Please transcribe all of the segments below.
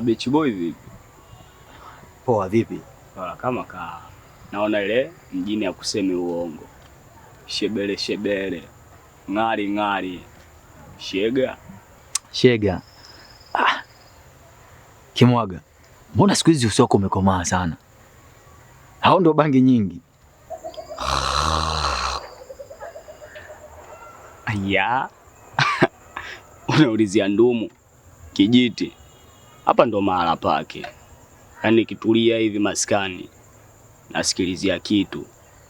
Beach boy vipi? Poa vipi? Wala kama ka. Naona ile mjini ya kusemi uongo. Shebele shebele. Ng'ari ng'ari. Shega. Shega. Ah. Kimwaga. Mbona siku hizi uso umekomaa sana? Hao ndo bangi nyingi. Aya. Unaulizia ndumu kijiti hapa ndo mahala pake. Yaani kitulia hivi maskani, nasikilizia kitu,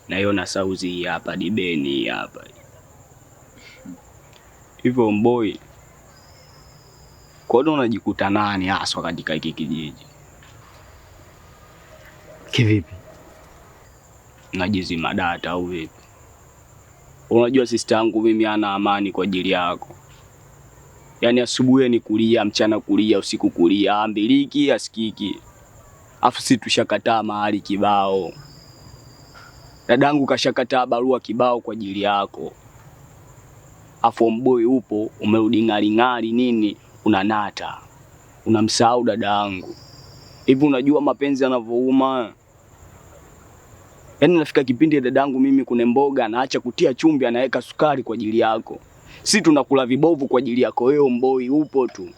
naiona sauzi hii hapa dibeni, hii hapa hivyo Mboy, Kwa unajikuta nani haswa katika hiki kijiji? Kivipi? Najizima data au vipi? Unajua sister yangu mimi ana amani kwa ajili yako yani asubuhi ni kulia, mchana kulia, usiku kulia, ambiliki asikiki. Afu si tushakataa mahali kibao. Dadangu kashakataa barua kibao kwa ajili yako. Afu mboi upo umerudi ng'aring'ari nini, unanata unamsahau dadangu. Hivi unajua mapenzi yanavyouma? Yaani nafika kipindi dadangu mimi kune mboga anaacha kutia chumvi anaweka sukari kwa ajili yako si tunakula vibovu kwa ajili yako wewe mboi, upo tu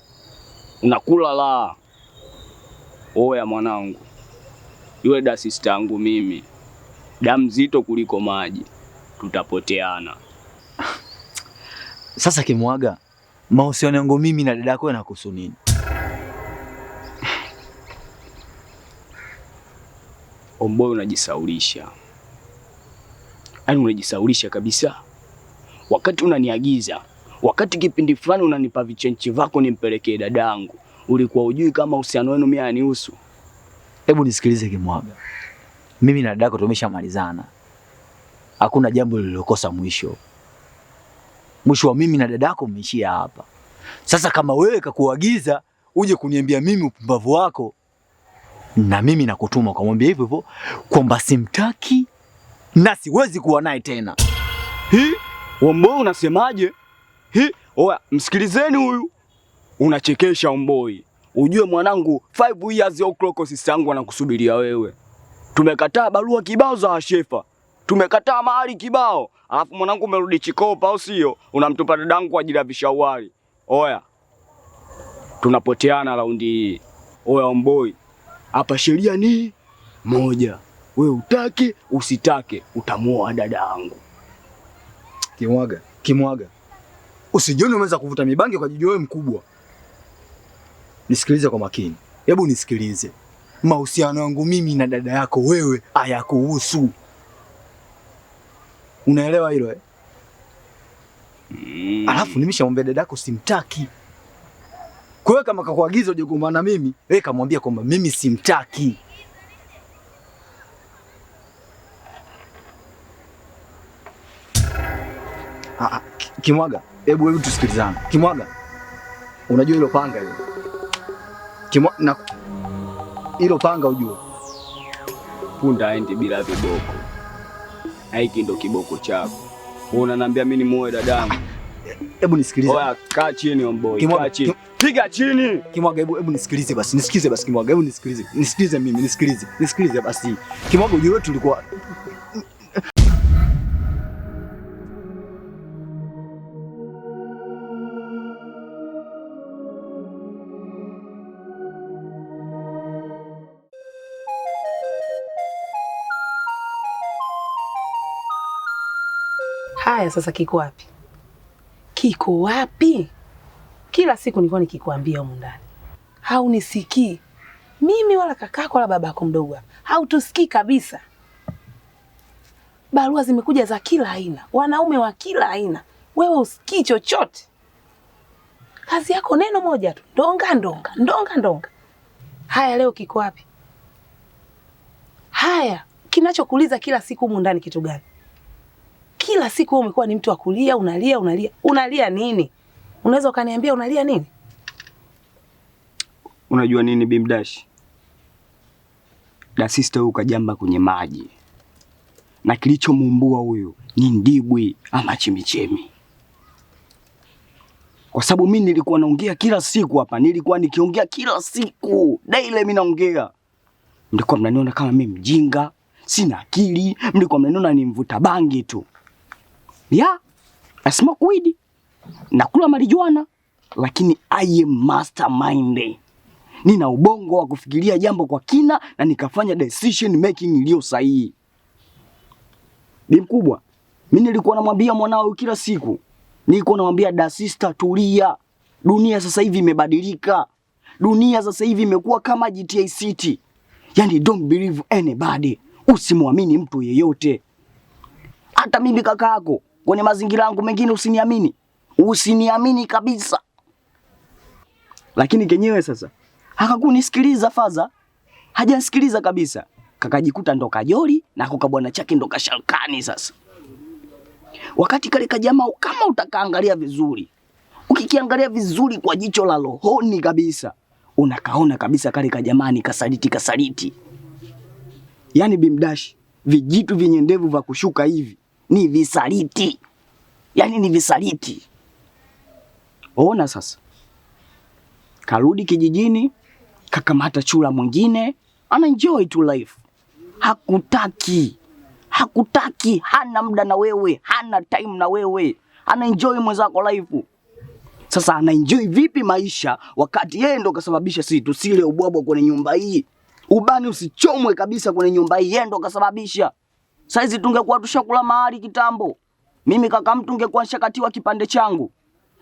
unakula la oya. Mwanangu yule da sister yangu mimi, damu zito kuliko maji, tutapoteana. Sasa kimwaga, mahusiano yangu mimi na dada yako yanahusu nini? Omboi, unajisaulisha, yaani unajisaulisha kabisa wakati unaniagiza, wakati kipindi fulani unanipa vichenchi vako nimpelekee dadangu, ulikuwa ujui kama uhusiano wenu mimi anihusu? Hebu nisikilize Kimwaga, mimi na dadako tumeshamalizana, hakuna jambo lililokosa mwisho. Mwisho wa mimi na dadako umeishia hapa. Sasa kama wewe kakuagiza uje kuniambia mimi upumbavu wako, na mimi nakutuma ukamwambia hivyo hivyo kwamba simtaki na siwezi kuwa naye tena Hii? Omboi unasemaje? Hi, oya, msikilizeni huyu. Unachekesha Omboi. Ujue mwanangu, five years o'clock sisi yangu anakusubiria wewe. Tumekataa barua kibao za Ashefa. Tumekataa mahali kibao. Alafu mwanangu umerudi Chikopa au sio? Unamtupa dadangu kwa ajili ya vishawari. Oya. Tunapoteana raundi hii. Oya Omboi. Hapa sheria ni moja. We utake usitake utamuoa dadangu. Kimwaga, Kimwaga, usijioni umeweza kuvuta mibangi kwa jiji wewe mkubwa. Nisikilize kwa makini, hebu nisikilize. Mahusiano yangu mimi na dada yako wewe hayakuhusu, unaelewa hilo eh? Mm. Alafu nimeshamwambia dada yako simtaki. Kwa hiyo kama kakuagiza uje mimi, wewe kamwambia kwamba mimi simtaki. Kimwaga, hebu wewe tusikilizane. Kimwaga, unajua hilo panga hilo Kimwa... na hilo panga ujue, punda aende bila viboko, na hiki ndo kiboko chako. Wewe unaniambia mimi ni muoe dadangu? Hebu nisikilize. Oya, kaa chini omboy. Kaa chini. Piga chini. Kimwaga, hebu hebu nisikilize basi. nisikilize basi Kimwaga, hebu nisikilize. Nisikilize mimi, nisikilize. Nisikilize basi. Kimwaga, ujue tulikuwa Haya sasa kiko wapi? Kiko wapi? Kila siku nilikuwa nikikwambia huko ndani. Haunisikii. Mimi wala kakako wala babako mdogo hapa. Hautusikii kabisa. Barua zimekuja za kila aina, wanaume wa kila aina. Wewe usikii chochote. Kazi yako neno moja tu, ndonga ndonga, ndonga ndonga. Haya leo kiko wapi? Haya, kinachokuuliza kila siku huko ndani kitu gani? kila siku umekuwa ni mtu wa kulia, unalia unalia. Unalia nini? Unaweza ukaniambia unalia nini? Unajua nini Bimdash? sister huyu kajamba kwenye maji, na kilichomumbua huyu ni ndibwi ama chemichemi, kwa sababu mi nilikuwa naongea kila siku hapa, nilikuwa nikiongea kila siku daile, mimi naongea, mlikuwa mnaniona kama mi mjinga, sina akili, mlikuwa mnaniona ni mvuta bangi tu. Yeah, I smoke weed. Nakula marijuana lakini I am mastermind. Nina ubongo wa kufikiria jambo kwa kina na nikafanya decision making iliyo sahihi. Bi mkubwa, mimi nilikuwa namwambia mwanao kila siku. Nilikuwa namwambia da sister, tulia. Dunia sasa hivi imebadilika. Dunia sasa hivi imekuwa kama GTA City. Yaani don't believe anybody. Usimwamini mtu yeyote. Hata mimi kaka yako kwenye mazingira yangu mengine usiniamini, usiniamini kabisa. Lakini kenyewe sasa hakakunisikiliza faza, hajasikiliza kabisa, kakajikuta ndo kajoli na kuka bwana chake ndo kashalkani. Sasa wakati kale kajamaa, kama utakaangalia vizuri, ukikiangalia vizuri kwa jicho la rohoni kabisa, unakaona kabisa kale kajamaa ni kasaliti, kasaliti. Yani bimdashi vijitu vyenye ndevu vya kushuka hivi ni visaliti, yaani ni visaliti. Ona sasa, karudi kijijini, kakamata chura mwingine, ana enjoy to life. Hakutaki, hakutaki, hana muda na wewe, hana time na wewe, ana enjoy mwenzako life. Sasa enjoy vipi maisha wakati yeye ndo kasababisha sisi tusile ubwabwa kwenye nyumba hii, ubani usichomwe kabisa kwenye nyumba hii, yeye ndo kasababisha. Saizi tungekuwa tushakula mahali kitambo. Mimi kaka mtu ungekuwa nishakatiwa kipande changu.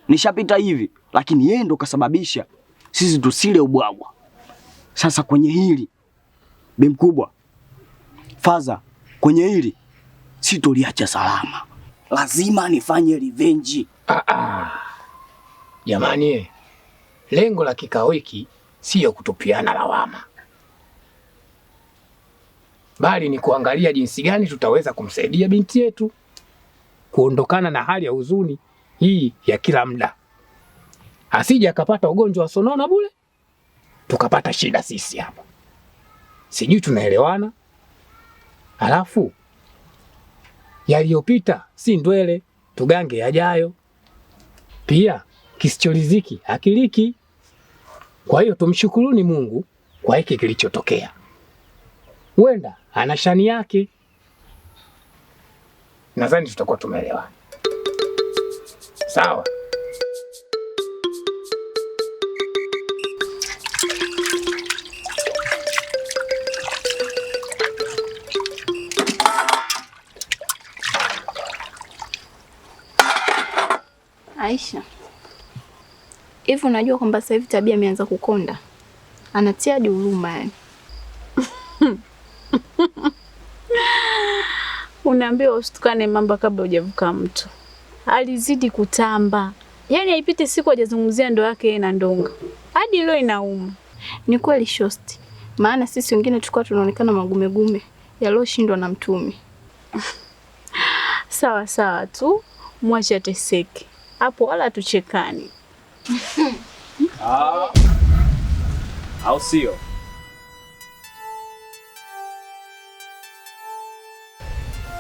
Nishapita hivi, lakini yeye ndo kasababisha sisi tusile ubwabwa. Sasa kwenye hili bi mkubwa faza, kwenye hili sitoliacha salama, lazima nifanye revenge. Ah, ah. Jamani, lengo la kikao hiki siyo kutupiana lawama bali ni kuangalia jinsi gani tutaweza kumsaidia binti yetu kuondokana na hali ya huzuni hii ya kila muda, asije akapata ugonjwa wa sonona bure tukapata shida sisi hapa. Sijui tunaelewana? Alafu yaliyopita si ndwele, tugange yajayo. Pia kisicholiziki akiliki. Kwa hiyo tumshukuruni Mungu kwa hiki kilichotokea huenda ana shani yake. Nadhani tutakuwa tumeelewa sawa? Aisha, hivi unajua kwamba sasa hivi Tabia ameanza kukonda, anatia hadi huruma yani. unaambiwa usitukane mamba kabla hujavuka mto. Alizidi kutamba, yaani haipiti siku hajazungumzia ndoa yake na Ndonga, hadi leo inauma. Ni kweli shosti, maana sisi wengine tulikuwa tunaonekana magumegume yaliyoshindwa na mtumi. Sawa sawa tu, mwache ateseke hapo, wala hatuchekani ah. au sio?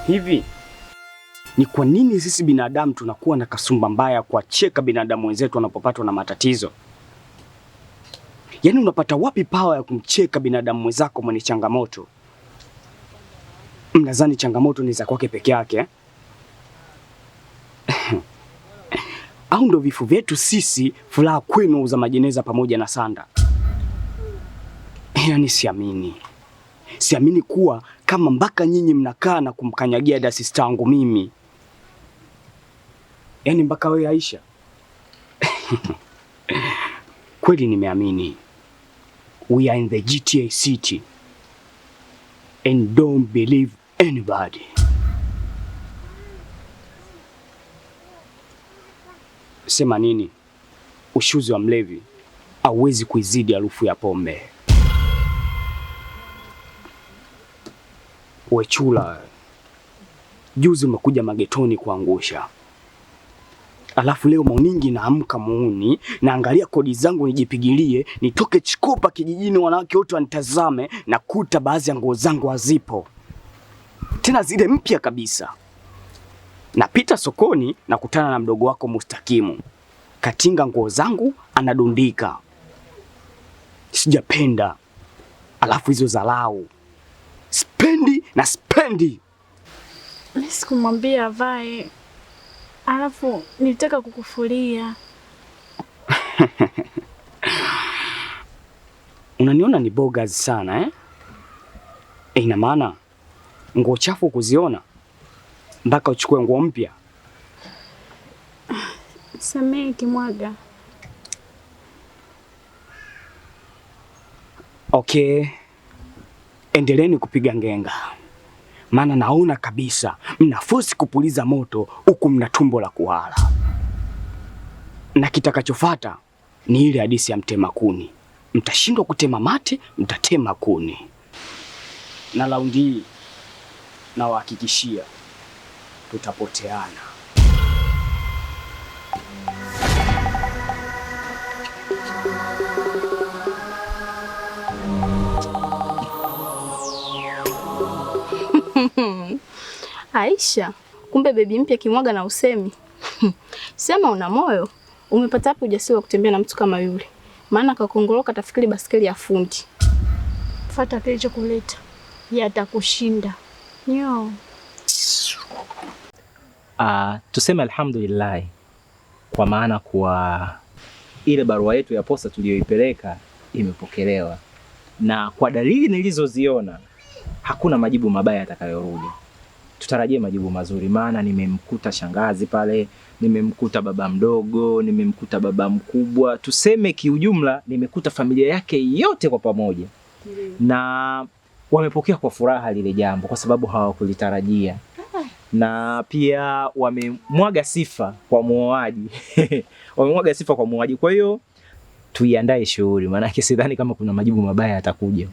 Hivi ni kwa nini sisi binadamu tunakuwa na kasumba mbaya ya kuwacheka binadamu wenzetu wanapopatwa na matatizo? Yaani unapata wapi pawa ya kumcheka binadamu mwenzako mwenye changamoto? Mnadhani changamoto ni za kwake peke yake eh? au ndo vifo vyetu sisi furaha kwenu za majeneza pamoja na sanda? Yaani siamini, siamini kuwa kama mpaka nyinyi mnakaa na kumkanyagia sister wangu mimi, yaani mpaka wewe Aisha kweli nimeamini. We are in the GTA city and don't believe anybody. Sema nini, ushuzi wa mlevi hauwezi kuizidi harufu ya pombe. Wechula, juzi umekuja magetoni kuangusha, alafu leo mauningi naamka muuni, naangalia kodi zangu nijipigilie, nitoke chikopa kijijini, wanawake wote wanitazame, nakuta baadhi ya nguo zangu hazipo tena, zile mpya kabisa. Napita sokoni nakutana na mdogo wako Mustakimu, katinga nguo zangu anadundika, sijapenda. Alafu hizo zalau na spendi. Mimi sikumwambia avae, alafu nilitaka kukufulia. Unaniona ni bogas sana eh? E, ina maana nguo chafu kuziona mpaka uchukue nguo mpya. Samee Kimwaga. Okay, endeleni kupiga ngenga maana naona kabisa mnafosi kupuliza moto huku mna tumbo la kuhala, na kitakachofata ni ile hadisi ya mtema kuni. Mtashindwa kutema mate, mtatema kuni. Na laundi hii nawahakikishia, tutapoteana. Aisha, kumbe bebi mpya kimwaga na usemi. Hmm, sema una moyo. Umepata hapo ujasiri wa kutembea na mtu kama yule. Maana kakongoroka tafikiri basikeli ya fundi. Fuata kilichokuleta. Yatakushinda. Nyo. Uh, tuseme alhamdulillah kwa maana kuwa ile barua yetu ya posta tuliyoipeleka imepokelewa, na kwa dalili nilizoziona hakuna majibu mabaya yatakayorudi tutarajie majibu mazuri, maana nimemkuta shangazi pale, nimemkuta baba mdogo, nimemkuta baba mkubwa, tuseme kiujumla nimekuta familia yake yote kwa pamoja na wamepokea kwa furaha lile jambo kwa sababu hawakulitarajia ah. na pia wamemwaga sifa kwa muoaji wamemwaga sifa kwa muoaji. Kwa hiyo tuiandae shughuli, maanake sidhani kama kuna majibu mabaya yatakuja.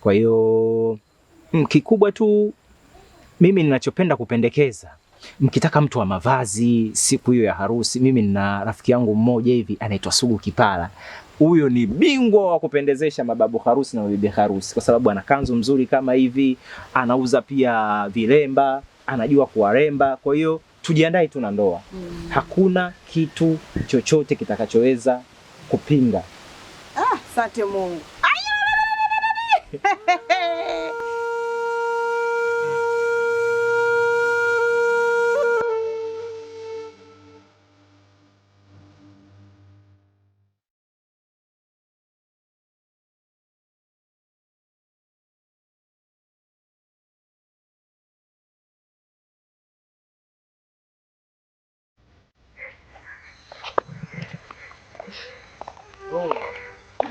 Kwa hiyo hmm, kikubwa tu mimi ninachopenda kupendekeza, mkitaka mtu wa mavazi siku hiyo ya harusi, mimi nina rafiki yangu mmoja hivi anaitwa Sugu Kipara. Huyo ni bingwa wa kupendezesha mababu harusi na mabibi harusi, kwa sababu ana kanzu mzuri kama hivi, anauza pia vilemba, anajua kuwaremba. Kwa hiyo tujiandae tu na ndoa mm. Hakuna kitu chochote kitakachoweza kupinga. Ah, sante Mungu.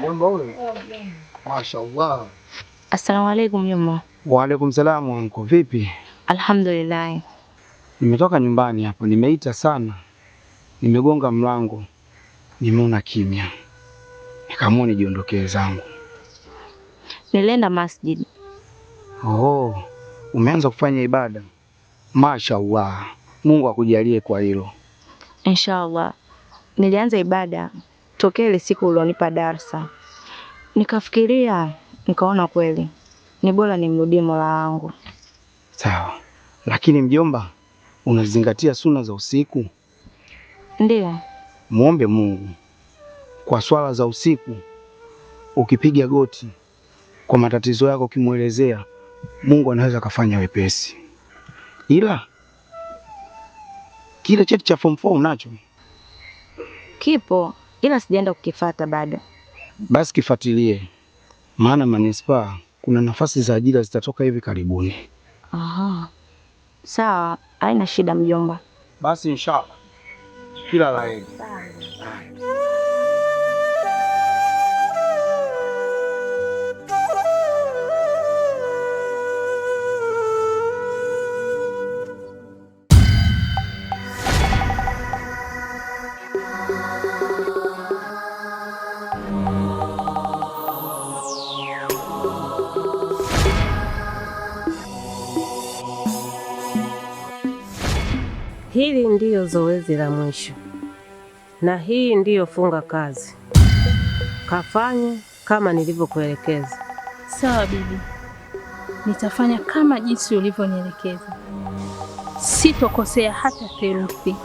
Mjomba huyu. Mashaallah. Asalamu alaykum mjomba. Wa alaykum salaam wangu. Vipi? Alhamdulillah. Nimetoka nyumbani hapo, nimeita sana, nimegonga mlango, nimeona kimya, nikaamua nijiondokee zangu. Nilienda masjid. Oh, umeanza kufanya ibada? Mashaallah, Mungu akujalie kwa hilo. Inshallah. Nilianza ibada tokea ile siku ulionipa darasa. Nikafikiria, nikaona kweli ni bora nimrudie Mola wangu. Sawa, lakini mjomba, unazingatia suna za usiku? Ndiyo. Muombe Mungu kwa swala za usiku, ukipiga goti kwa matatizo yako, ukimwelezea Mungu anaweza akafanya wepesi, ila kile cheti cha form 4 unacho? Kipo, ila sijaenda kukifata bado basi kifuatilie, maana manispaa kuna nafasi za ajira zitatoka hivi karibuni. Aha. Sawa, haina shida mjomba. Basi inshallah, kila la heri. Hili ndiyo zoezi la mwisho na hii ndiyo funga kazi. Kafanye kama nilivyokuelekeza. Sawa bibi, nitafanya kama jinsi ulivyonielekeza, sitokosea hata theluthi.